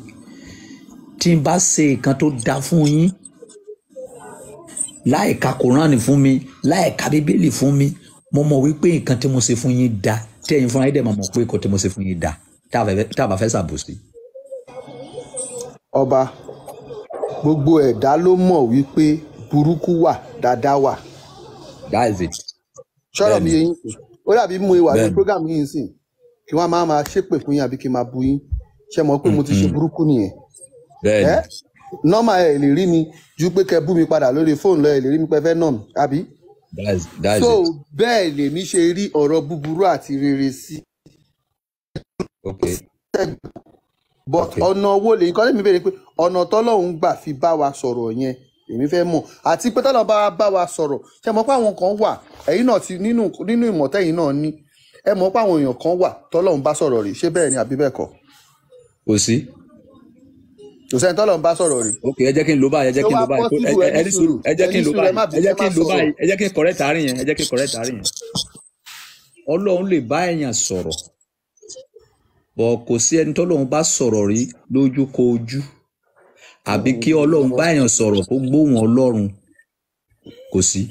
tí n bá ṣe nǹkan tó dáa fún yín láì ka kòránì fún mi láì ka bíbélì fún mi mo mọ̀ wípé nǹkan tí mo ṣe fún yín dáa tí ẹ̀yin fúnra yín dẹ̀ máa mọ̀ pé nǹkan tí mo ṣe fún yín dáa tá a bá fẹ́ ṣàbòsí. ọba gbogbo ẹ̀dá ló mọ̀ wípé burúkú wà dáadáa wà. that is it. sọ̀rọ̀ mi yẹn ó dàbí mú ìwà ní program yìí sìn kí wọ́n máa máa ṣépè fún yín àbí kí n máa bu yín ṣe mọ̀ pé mo ti ṣe burúkú nìyẹn nọ́mà ẹ̀ lè rí mi ju pé kẹ́ bú mi padà lórí fóònù lọ ẹ̀ lè rí mi pé fẹ́ nà mí àbí. so bẹ́ẹ̀ lèmi ṣe rí ọ̀rọ̀ búburú àti rere sí. but ọ̀nà owó lè kọ́ lèmi béèrè pé ọ̀nà tọ́lọ́hún gbà fi bá wa sọ̀rọ̀ yẹn èmi fẹ́ mọ̀ àti pé tọ́lọ́ bá bá wa sọ̀rọ̀ ṣe mọ̀ pé àwọn kan wà ẹ̀yin náà ti nínú ìmọ̀tẹ́yìn náà ní ẹ mọ̀ pé àwọn èèyàn kan wà tọ́lọ́hún bá sọ̀rọ̀ rí ṣé bẹ́ẹ̀ ni àbí bẹ́ẹ̀ kọ́. kò sí kò sẹ́ni tọ́lọ̀ ń bá sọ̀rọ̀ rí. ok ẹ jẹ́ kí n lo báyìí ẹ jẹ́ kí n lo báyìí ẹ ní sùúrù ẹ jẹ́ kí n lo báyìí ẹ jẹ́ kí n lo báyìí ẹ jẹ́ kí n kọ̀rẹ́ tààrin yẹn ẹ jẹ́ kí n kọ̀rẹ́ tààrin yẹn. ọlọ́run lè bá èèyàn sọ̀rọ̀ bọ̀ kò sí ẹni tọ́lọ́run bá sọ̀rọ̀ rí lójú kọ ojú àbí kí ọlọ́run bá èèyàn sọ̀rọ̀ kó gbóhùn ọlọ́run kò sí.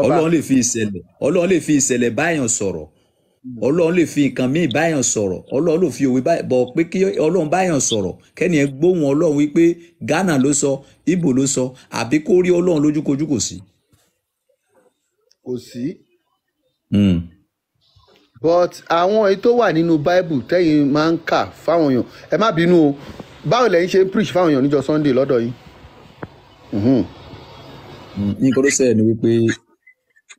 ọlọ́run lè fi ìṣẹ̀lẹ̀ ọlọ́run lè fi ìṣẹ̀lẹ̀ Hmm. ọlọ́run lè fi nǹkan míì báyàn sọ̀rọ̀ ọlọ́run ló fi òwe bọ̀ pé kí ọlọ́run báyàn sọ̀rọ̀ kẹ́ni ẹ gbóhùn ọlọ́run wípé Ghana ló sọ Igbo ló sọ àbí kó rí ọlọ́run lójúkojú kò sí. kò sí. Hmm. but àwọn èyí tó wà nínú Bible tẹ́yìn máa ń kà fáwọn èèyàn ẹ má bínú o báwo lẹ́yìn ṣe ń preach fáwọn èèyàn níjọ́ Sunday lọ́dọ̀ yín. nǹkan tó sẹ́yìn ni wípé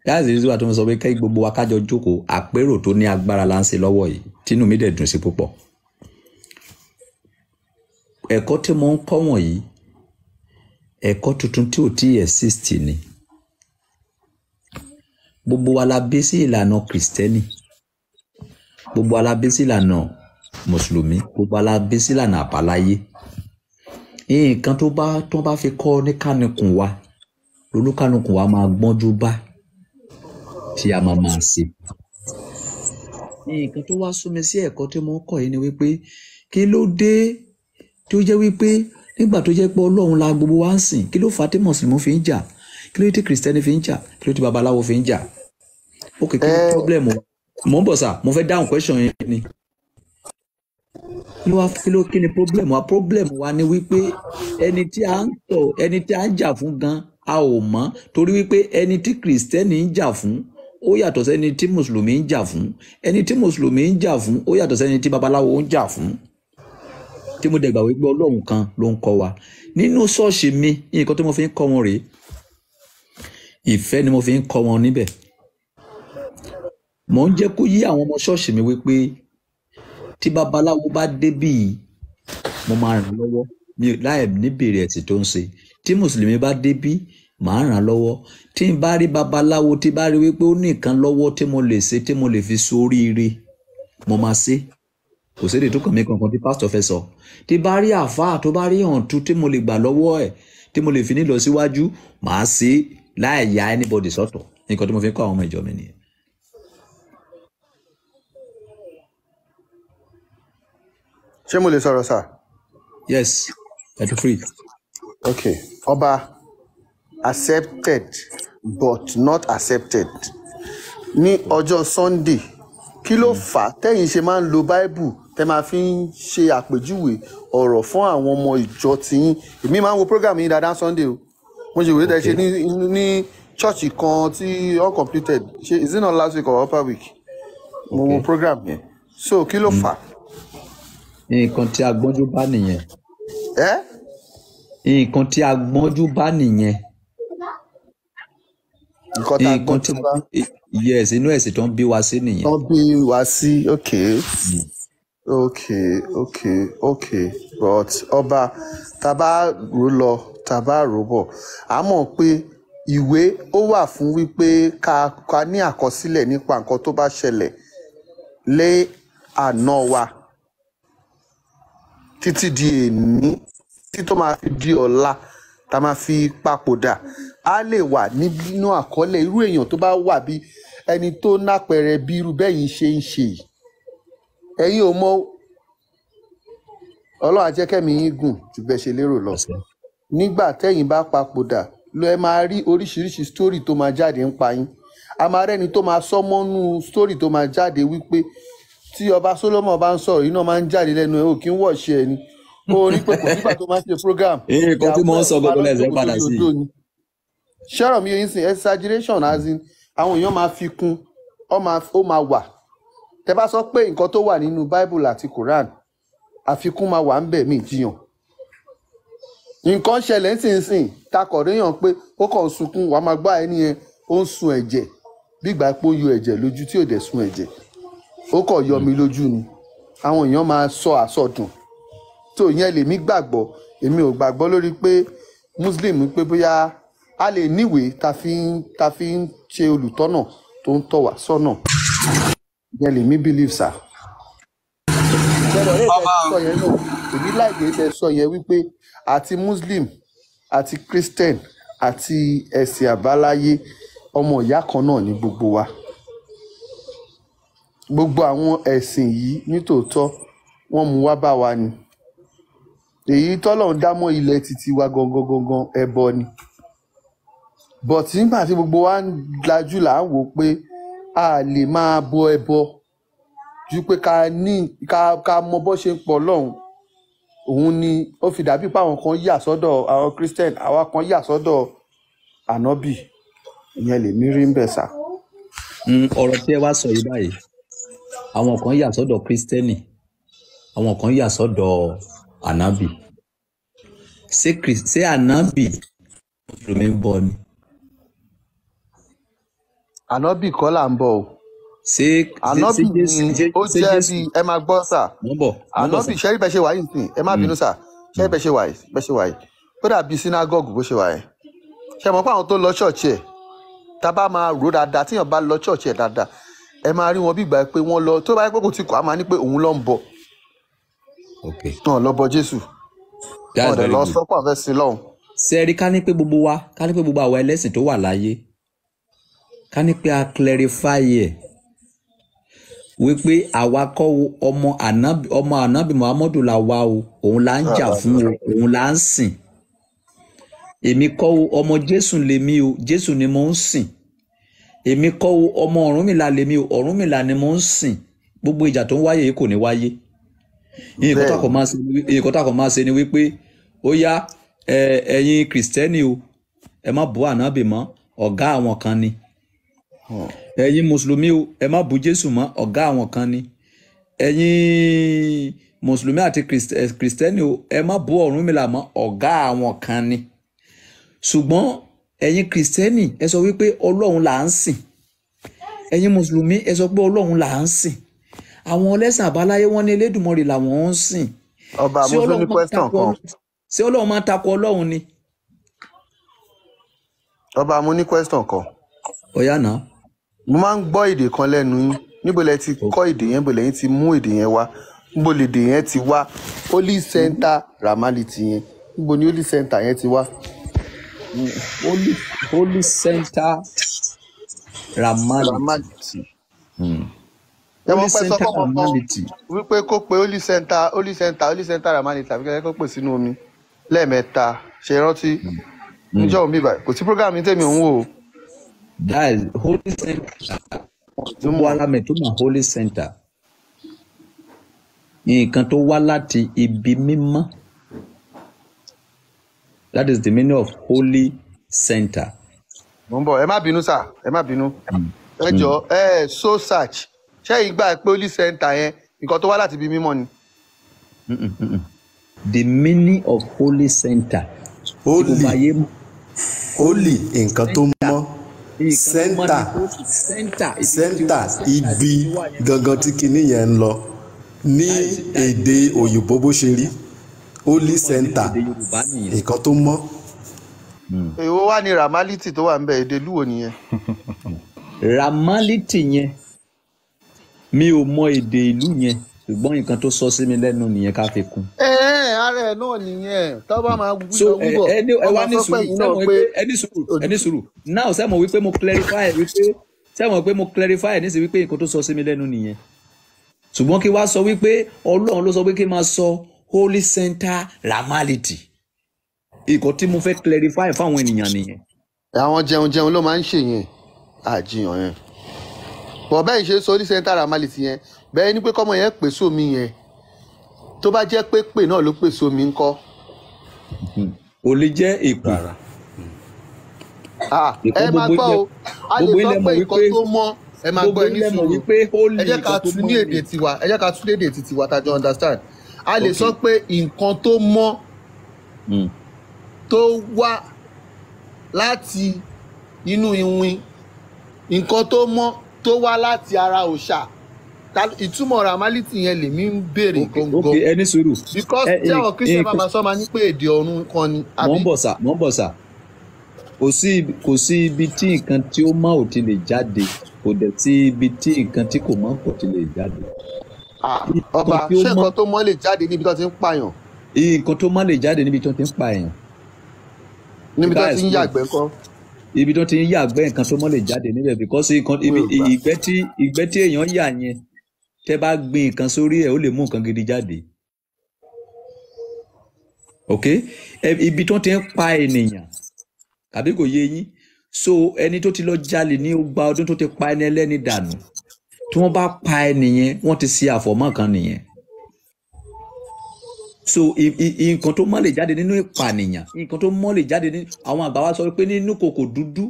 that's the reason why tó ń sọ pé kẹ́ gbogbo wa kájọ jókòó àpérò tó ní agbára la ń ṣe lọ́wọ́ yìí tínú mi dẹ̀ dùn sí púpọ̀ ẹ̀kọ́ tí mo ń kọ́ wọ̀nyí ẹ̀kọ́ tuntun tí ò tí exist ni gbogbo wa la bí sí ìlànà kìrìsìtẹ́nì gbogbo wa la bí sí ìlànà mùsùlùmí gbogbo wa la bí sí ìlànà àbáláyé nǹkan tó bá tó bá fi kọ́ ní kánìkùn wa lolúkánìkùn wa máa gbọ́njú bá tí a máa máa ṣe. nǹkan tó wá súnmi sí ẹ̀kọ́ tí mo ń kọ́ yìí ni wípé kí ló dé tó jẹ́ wípé nígbà tó jẹ́ pé ọlọ́run la gbogbo wa ń sìn kí ló fà á tí mùsùlùmí fi ń jà kí ló dé kìrìsìtẹ́nì fi ń jà kí ló dé babaláwo fi ń jà ó kí ló eh. problem o mo ń bọ̀ sà mo fẹ́ dáhùn question yẹn ni kí ló wá kí ló kí ni problem wa problem wa ni wípé ẹni tí a ń tọ̀ ẹni tí a ń jà fún gan a ò mọ̀ torí wípé ẹni tí kìrìsìtẹ́nì ń jà fún ó yàtọ̀ sẹ́ni tí mùsùlùmí ń jà fún ẹni tí mùsùlùmí ń jà fún ó yàtọ̀ sẹ́ni tí babaláwo ń jà fún tí mo dẹ̀gbà wípé ọlọ́run kan ló ń kọ́ wa nínú ṣọ́ọ̀ṣì mi nǹkan tí mo fi ń kọ́ wọn rèé ìfẹ́ ni mo fi ń kọ́ wọn níbẹ̀ mò ń jẹ́ kó yí àwọn ọmọ ṣọ́ọ̀ṣì mi wípé tí babaláwo bá débì mo máa ràn lọ́wọ́ láì níbèrè ẹ̀sìn tó ń ṣe tí mùsùlùmí bá débì màá ràn án lọ́wọ́ tí n bá rí babaláwo tí bá rí wípé ó ní nǹkan lọ́wọ́ tí mo lè ṣe tí mo lè fi so oríire mo máa ṣe kò sí èdè tó kàn mí kankan tí pásítọ̀ fẹ́ sọ tí bá rí àáfàá tó bá rí ọ̀ǹtú tí mo lè gbà lọ́wọ́ ẹ̀ tí mo lè fi ní ìlọsíwájú màá ṣe láì ya anybody sọ́tọ̀ nǹkan tí mo fi ń kọ́ àwọn ọmọ ìjọ mi nìyẹn. ṣé mo lè sọ̀rọ̀ sir. yes ẹ free. ok ọba accepted but not accepted ní ọjọ́ sunday kí ló hmm. fà á tẹ́yìn ṣe máa ń lo bible tẹ́ máa fi ń ṣe àpèjúwe ọ̀rọ̀ fún àwọn ọmọ ìjọ tiyín èmi máa ń wo program yín dáadáa sunday o mo ṣe wòye tẹ́ ṣe ní ní church kan tí all ṣe is it not last week or upper week mo wo program yẹn so kí ló hmm. fà á. nǹkan tí agbọ́njú bá nìyẹn. ẹ. nǹkan tí agbọ́njú bá nìyẹn nǹkan tá a wá. yes inú ẹ̀sìn tó ń bí wa sí nìyẹn. tó ń bí wa sí ok hmm. ok ok ok but ọba taba rò lọ tàbá rò bọ̀ a mọ̀ pé ìwé ó wà fún wípé ká ká ní àkọsílẹ̀ nípa nǹkan tó bá ṣẹlẹ̀ lé àná wa títí di èní títí tó máa fi di ọ̀la tá máa fi papòdà á lè wà nínú àkọọ́lẹ̀ irú èèyàn tó bá wà bí ẹni tó nápẹrẹ bí irú bẹ́yìn ṣe ń ṣe ẹ̀yin ò mọ ọlọ́run ajẹ́kẹ́mi yín gùn jù bẹ́ẹ̀ ṣe lérò lọ nígbà tẹ́yìn bá papòdà lọ ẹ máa rí oríṣiríṣi sítórì tó máa jáde ń pa yín a máa rẹ́ni tó máa sọ mọ́nú sítórì tó máa jáde wípé tí ọba Solomon bá ń sọ̀rọ̀ iná máa ń jáde lẹ́nu ẹ̀ ò kí ń wọ̀ṣẹ́ ẹni ó rí pé kò nígbà tó máa ń ṣe program. èyí kan tí mo ń sọ gbogbo lẹ́sẹ̀ padà sí i ṣẹ́rọ̀ mi yẹn sìn exaggeration as in àwọn èèyàn máa fi kún ó máa wà tẹ bá sọ pé nǹkan tó wà nínú bible àti quran àfikún máa wà ń bẹ̀ mí jiyàn nǹkan ṣẹlẹ̀ nísinsìnyí takọ̀ ríyàn pé ó kàn sunkún wàá máa gbá ẹni yẹn ó ń sun ẹ̀jẹ̀ bí ìgbà pé ó yọ ẹ̀jẹ̀ lójú tí ò dẹ̀ sun ẹ̀jẹ̀ ó kàn yọ mi lójú ni àwọn èèyàn máa sọ àsọdùn tó yẹn lèmi gbàgbọ́ èmi ò gbàgbọ́ lórí pé muslim pé bóyá a lè níwèé tá a fi ń ṣe olùtọ́nà tó ń tọ̀ wá sọ́nà yẹn lèmi believe sir. èmi láìpẹ́ tẹ sọ yẹn wípé àti muslim àti christian àti ẹ̀sìn àbáláyé ọmọ ìyá kan náà ní gbogbo wa gbogbo àwọn ẹ̀sìn yìí nítòótọ́ wọ́n mú wá bá wa ni èyí tọ́lọ́run dámọ́ ilẹ̀ títí wa gangan gangan ẹbọ ni. Gangan, but nígbà tí gbogbo wa ń lajú là ń wò pé a lè máa bọ ẹbọ ju pé ká ní ká ká mọ bó ṣe ń pọ̀ lọ́hùn òun ni ó fi dàbí pé kan yà sọ́dọ̀ àwọn christian àwọn kan yà sọ́dọ̀ ànábì ìyẹn lèmi rí ń bẹ̀ sà. Hmm, ọ̀rọ̀ tí ẹ wá sọ yìí báyìí àwọn kan yà sọ́dọ̀ kristẹni àwọn kan yà sọ́dọ̀ ànábì ṣé ànábì mùsùlùmí ń bọ ni ànábì kọ́ là ń bọ̀ o ànábì ni ó jẹ́ bí ẹ máa gbọ́ sà ànábì ṣẹ́rí bẹ́ẹ̀ ṣe wà yìí nìsín ẹ má bínú sà mm. ṣẹ́rí bẹ́ẹ̀ ṣe wà yìí bẹ́ẹ̀ ṣe wà yìí ó dàbí sínágọ́gù bó ṣe wà ṣe mọ̀ pé àwọn tó lọ ṣọ́ọ̀ṣì ẹ̀ tá a bá máa rò dáadáa tíyàn bá lọ ṣọ́ọ̀ṣì ẹ̀ dáadáa ẹ máa rí wọn bí ìgbà pé wọ́n lọ tó bá yẹ pé kò ti kọ́ a máa ní pé òun ló ń bọ̀ náà lọ bọ Jésù wọn ò dẹ̀ lọ sọ́pọ̀ fẹ́ sí lọ́hùn. sẹ́ẹ̀rí ká ní pé gbogbo wa ká ní pé gbogbo àwa ẹlẹ́sìn tó wà láyé ká ní pé a clarify ẹ̀ wípé àwa kọ́ ọmọ ànábì ọmọ ànábì muhammadu la wa o òun la ń jà fún o òun la ń sìn èmi kọ́ ọmọ jésù lèmi o jésù ni mo ń sìn èmi kọ́ o ọmọ ọ̀rúnmìlà lèmi o ọ̀rúnmìlà ni mo ń sìn gbogbo ìjà tó ń wáyé yìí kò ní wáyé ìyẹn kọ́tà kan máa ṣe ni wípé ó yá ẹ̀yin kìrìsìtẹ́nì o ẹ má bú ànábì mọ́ ọ̀gá àwọn kan ni ẹ̀yin mùsùlùmí o ẹ má bu jésù mọ́ ọ̀gá àwọn kan ni ẹ̀yin mùsùlùmí àti eh, kìrìsìtẹ́nì o ẹ má bu Ọ̀rúnmìlà mọ́ ọ̀gá àwọn kan ni ṣùgbọ́n ẹ̀yin kìrìsìtẹ́nì ẹ sọ wípé ọlọ́run là ń sìn ẹ̀yin mùsùlùmí ẹ sọ pé ọlọ́run là ń sìn àwọn ọlẹ́sìn àbáláyé wọn ní Elédùmarè làwọn ń sìn ọba àmúfẹ́ ní question kan ṣé ọlọ́run máa ń takò ọlọ́run ni. ọba àmú ní question kan. ọ̀yá náà mo máa ń gbọ́ èdè kan lẹ́nu yín níbo lẹ ti kọ́ èdè yẹn níbo lẹ́yìn ti mú èdè yẹn wá níbo lèdè yẹn ti wá holy center ramality yẹn níbo ni holy center yẹn ti wá. holy center ramality. Hmm. ẹ mọ pẹ sọkọ wípé kó pe holy center holy center holy center ramality àbí kẹkẹ kó pè sínú omi lẹ́ẹ̀mẹ́ta ṣe rántí hmm. níjọ́ òun hmm. bíbá kò sí program mi tèmi òun wò ó. That is holy center tó wá lámì tó mà holy center nǹkan tó wá láti ibi mímọ́ that is the meaning of holy center. mo ń bọ̀ ẹ má bínú sà ẹ má bínú ẹ jọ ẹ so search ṣé ìgbà pé holy center yẹn nǹkan tó wá láti ibi mímọ́ ni. the meaning of holy center. holy holy nǹkan tó mọ́ sẹ́ńtà sẹ́ńtà ibi gangan tí kinní yẹn ń lọ ní èdè òyìnbó bó ṣe rí holy center nǹkan tó mọ́. Hmm. èwo wá ní ramality tó wà ń bẹ èdè lúwo nìyẹn. ramality yẹn mi ò mọ èdè ìlú yẹn ṣùgbọ́n nǹkan tó sọ sí mi lẹ́nu nìyẹn ká fi kún. ẹ eh, ara ẹ̀ náà nìyẹn tó bá máa gbúdọ̀ gbúbọ̀ ọba sọ́pẹ́ yìí náà pé ẹni sùúrù ẹni sùúrù now sẹ́mo wípé mo clarify wípé sẹ́mo pé mo clarify ní sí wípé nǹkan tó sọ sí mi lẹ́nu nìyẹn ṣùgbọ́n kí wá sọ wípé ọlọ́run ló sọ pé kí n máa sọ holy center ramality nǹkan tí mo fẹ́ clarify fáwọn ènìyàn nìyẹn. àwọn jẹun jẹun ló máa ń ṣèyẹn àjiyàn yẹn bọ̀ bẹ́ẹ̀ ṣe sọ holy center ramality yẹn bẹ́ẹ̀ ni pé kọ́mọ yẹn pèsè omi yẹn tó bá jẹ́ pé pè náà ló pèsè omi ńkọ́. ó lè jẹ́ èpè. ẹ máa gbọ́ o a lè sọ pé nǹkan tó mọ́ ẹ máa gbọ́ ẹ ní sùúrù ẹ jẹ́ ká tún ní èdè tiwa ẹ jẹ́ ká tún ní èdè tiwa tá a jọ understand a lè sọ pé nǹkan tó mọ́ hmm. tó wá láti inú iwin nǹkan tó mọ́ tó wá láti ara òòṣà ìtumọ̀ ramality yẹn lèmi ń béèrè gbọ̀ngàn. ok ẹni sùúrù. because tí àwọn christian bàbá sọ ma ní pé èdè ọ̀run kan ni. mọ̀ ń bọ̀ sà mọ̀ ń bọ̀ sà kò sí ibi tí nǹkan tí ó má ò ti lè jáde kò dẹ̀ sí ibi tí nǹkan tí kò má kò ti lè jáde. ọba ṣé nǹkan tó mọ́ lè jáde níbi tó ti ń pààyàn. nǹkan tó má lè jáde níbi tó ti ń pààyàn. níbi tó ti ń yàgbẹ́ kọ́ ibi tó ti ń yàgbẹ́ nǹkan tó mọ́ lè jáde níbẹ̀ because ibi ìgbẹ́ tí ìgbẹ́ tí èèyàn yà yẹn tẹ́ bá gbin nǹkan sórí ẹ̀ ó lè mú nǹkan gidi jáde ok ibi tó ti ń pa ènìyàn tàbí kò yé yín so ẹni tó ti lọ jalè ní ogba ọdún tó ti pa ẹni ẹlẹ́ni dànù tí wọ́n bá pa ẹni wọ́n ti ṣe àfọ̀mọ́ kan nìyẹn so nǹkan tó mọ́ lè jáde nínú ìpànìyàn nǹkan tó mọ́ lè jáde nínú àwọn àgbà wa sọ pé nínú kòkò dúdú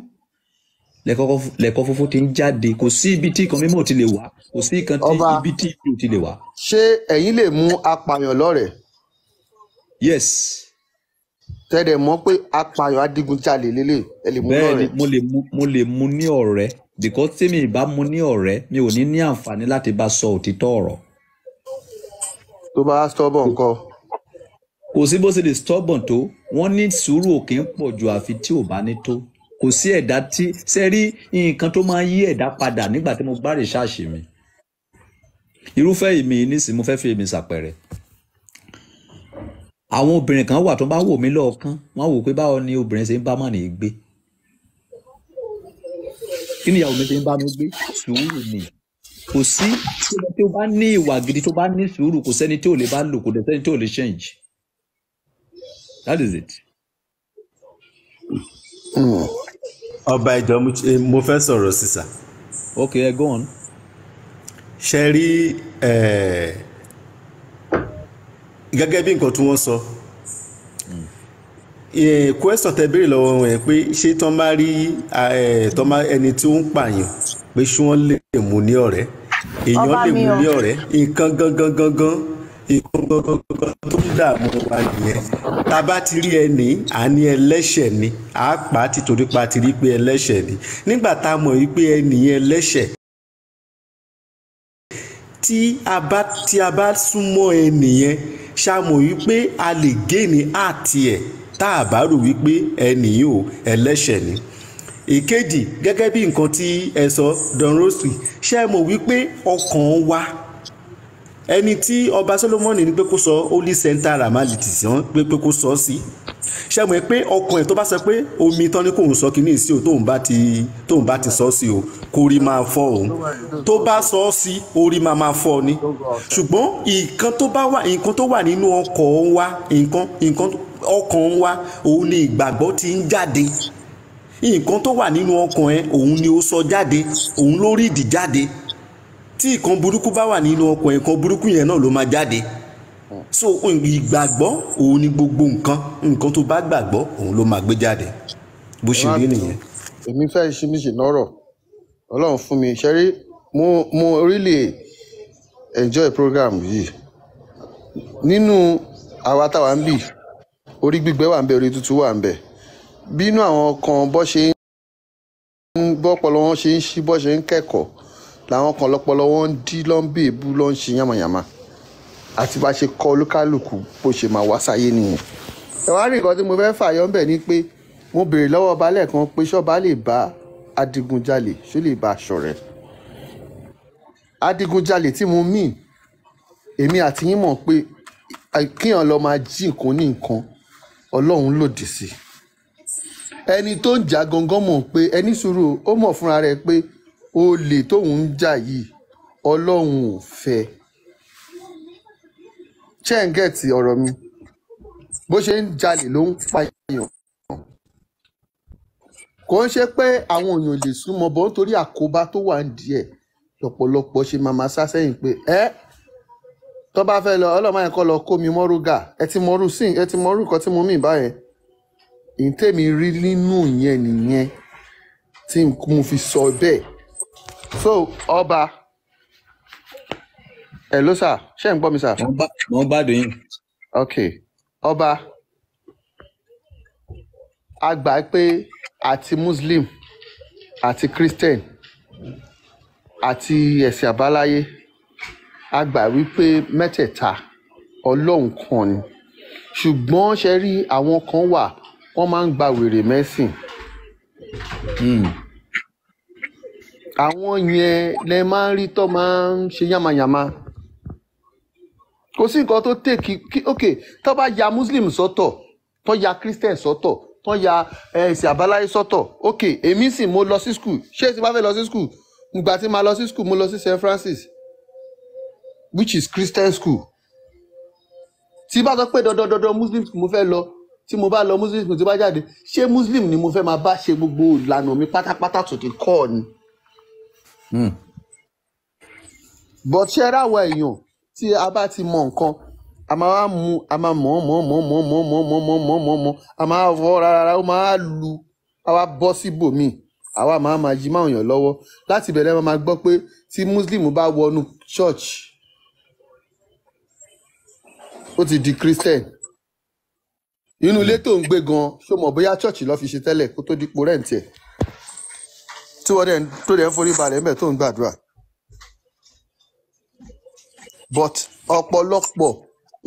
lẹ́kọ́ funfun ti ń jáde kò sí ibi tí ìkan mímọ́ ti lè wá kò sí ìkan tí ibi tí ìlú ti lè wá. ṣé ẹ̀yin lè mú apààyàn lọ́rẹ̀ẹ́. yes. tẹ́lẹ̀ mọ̀ pé apààyàn adigunjalè lélẹ̀ ẹ̀ lè mú lọ́rẹ̀ẹ́. bẹ́ẹ̀ni mo lè mú mo lè mú ní ọ̀rẹ́ because tí mi ìbá mu ní ọ̀rẹ́ mi ò ní ní àǹfààní láti bá sọ òtítọ́ ọ̀rọ̀. tó bá stubborn kọ. kò sí bó ṣe lè stubborn tó wọ́n ní sùúrù òkè ń pọ̀ ju àfi tí ò bá ní tó kò sí ẹ̀dá tí ṣe rí nǹkan tó máa ń yí ẹ̀dá padà nígbà tí mo bá rìsáàsì mi irúfẹ́ èmi nísìnyí mo fẹ́ fi èmi ṣàpẹẹrẹ àwọn obìnrin kan wà tó bá wò mí lọ́ọ̀kan wọ́n wò pé báwo ni obìnrin ṣe ń bá màní gbé kí ni ìyàwó mi ṣe ń bá mi gbé sùúrù ni kò sí tí o bá ní ìwà gidi tó bá ní sùúrù kò sẹ́ni tí ò lè bá lò kò dẹ̀ sẹ́ni tí ò lè change that is it ọba ìjọ mo fẹ́ sọ̀rọ̀ sísà. ok ẹ go on. ṣe rí gẹ́gẹ́ bí nǹkan tí wọ́n sọ hmm. question tẹ béèrè lọ́wọ́ wọn pé ṣé tán bá rí ẹni tí ó ń pààyàn pé ṣé wọ́n lè mú ní ọ̀rẹ́ èèyàn lè mú ní ọ̀rẹ́ nǹkan gangan gangan. Gan, gan, gan, gan ìkóngógógó tó ń dààmú wa nìyẹn tá a bá ti rí ẹni àní ẹlẹ́ṣẹ̀ ni à á pa ti torí pa ti rí pé ẹlẹ́ṣẹ̀ ni nígbà tá a mọ̀ yí pé ẹni ẹlẹ́ṣẹ̀ tí a bá tí a bá súnmọ́ ẹni yẹn ṣàmọ̀ yí pé a lè gé ní àti ẹ̀ tá a bá rò wípé ẹni yìí ò ẹlẹ́ṣẹ̀ ni ìkejì gẹ́gẹ́ bí nǹkan tí ẹ sọ Don Rossi ṣe mọ̀ wípé ọkàn wa ẹni tí ọba Solomoni ní pé kó sọ holy center ramaliti sí wọn pé pé kó sọ ọ sí ṣẹ́mu ẹ pé ọkàn ẹ̀ tó bá sọ pé omi tán ni kò ń sọ kínní sí o tóun bá ti tóun bá ti sọ sí o kò rí máa fọ́ òun tó bá sọ ọ sí orí máa máa fọ́ ni ṣùgbọ́n nǹkan tó bá wà nǹkan tó wà nínú ọkọ̀ wa nǹkan nǹkan ọkàn wa òun ni ìgbàgbọ́ ti ń jáde nǹkan tó wà nínú ọkàn ẹ òun ni ó sọ jáde òun ló rí ìdí jáde tí ìkan burúkú bá wà nínú ọkàn ìkan burúkú yẹn náà ló máa jáde so ìgbàgbọ́ òun ni gbogbo nǹkan nǹkan tó bá gbàgbọ́ òun ló máa gbé jáde bó ṣe rí nìyẹn. èmi fẹ́ ṣe mí ṣe lọ́rọ̀ ọlọ́run fún mi ṣe rí mo mo really enjoy program yìí nínú àwa táwa ń bì orí gbígbẹ wà ń bẹ orí tútù wà ń bẹ bínú àwọn kan bọ́ ṣe ń gbọ́ pọ̀ lọ́wọ́ ṣe ń ṣí bọ́ ṣe ń kẹ́kọ̀ọ́ làwọn kan lọ́pọlọ wọn ń dí lọ́nbì èébú ló ń ṣe yàmàyàmà àti bá ṣe kọ olúkálùkù bó ṣe máa wá sáyé nìyẹn. ẹ̀wá rí nǹkan tí mo fẹ́ fàyọ́ ńbẹ̀ ni pé mo béèrè lọ́wọ́ baálẹ̀ kan pé ṣọ́ba lè bá adigunjalè ṣó lè bá ṣọ̀rẹ́ adigunjalè tí mo mì èmi àti yín mọ̀ pé kíyàn lọ máa jí nǹkan ní nǹkan ọlọ́run lòdì sí ẹni tó ń jà gangan mọ̀ pé ẹni sùúrù ó mọ̀ fúnra rẹ̀ pé olè tóun ń jà yìí ọlọ́run ò fẹ́ ẹ ṣẹ́ǹgẹ̀tì ọ̀rọ̀ mi bó ṣe ń jalè ló ń pààyàn kò ń ṣe pé àwọn èèyàn lè súnmọ́ bọ́ nítorí àkóbá tó wà nídìí ẹ̀ lọ́pọ̀lọpọ̀ ṣe máa máa sá sẹ́yìn pé ẹ́ tó bá fẹ́ lọ ọlọ́mọ yẹn lọ kó mi mọ́rú gà ẹ ti mọ́rú sí ẹ ti mọ́rú nǹkan tí mo mì báyẹn ìtẹ́mi rí nínú yẹn nìyẹn tí mo fi sọ bẹ́ẹ̀ so ọba ẹ ló sà ṣe ń gbọ́ mi sà. mo ń gbádùn yín. ok ọba a gbà pé àti muslim àti christian àti ẹ̀sìn àbáláyé a gbà wípé mẹ́tẹ̀ẹ̀ta ọlọ́run kan ni ṣùgbọ́n ṣe rí àwọn kan wà wọ́n máa ń gba wèrè mẹ́sìn. Hmm àwọn yẹn lẹ máa ń rí tó máa ń ṣe yàmàyàmà kò sí nǹkan tó tèkì ok tó bá ya muslim sọ́tọ̀ tó ya christian sọ́tọ̀ tó ya ẹ̀sìn eh, àbáláyé sọ́tọ̀ ok èmi sì mo lọ sí school ṣé ti bá fẹ́ lọ sí school ìgbà tí màá lọ sí school mo lọ sí st francis which is christian school tí bá sọ pé dandandandan muslim mo fẹ́ lọ tí mo bá lọ muslim tí mo bá jáde ṣé muslim ni mo fẹ́ máa bá ṣe gbogbo ìlànà mi pátápátá tó ti kọ́ ni but ṣe ráwọ̀ èèyàn tí a bá ti mọ nǹkan a máa wá mu a máa mọ̀ mọ̀ mọ̀ mọ̀ mọ̀ mọ̀ mọ̀ mọ̀ mọ̀ mọ̀ mọ̀ a máa wọ́ rárá ó máa lu a wá bọ́ síbòmíì àwa máa máa yí máa yàn lọ́wọ́ láti bẹ̀rẹ̀ máa gbọ́ pé tí muslim bá wọnú church ó ti di christian inú ilé tó ń gbé gan-an ṣó mọ̀ bóyá church ló fi ṣe tẹ́lẹ̀ kó tó dípò rẹ̀ǹtì ẹ̀ tí wọ́n dẹ̀ tó dẹ̀ ń forí balẹ̀ ń bẹ̀ tó ń gbàdúrà but ọ̀pọ̀lọpọ̀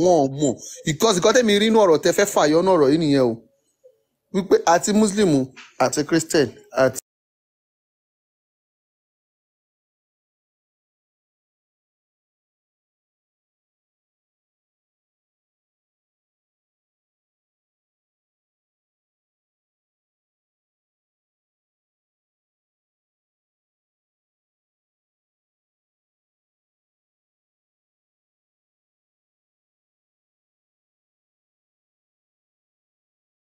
wọn ò mọ̀ because ìkọ́ tẹ̀mí rí inú ọ̀rọ̀ tẹ fẹ́ fàyọ́ náà ọ̀rọ̀ yìí nìyẹn o wípé àti muslim àti christian àti.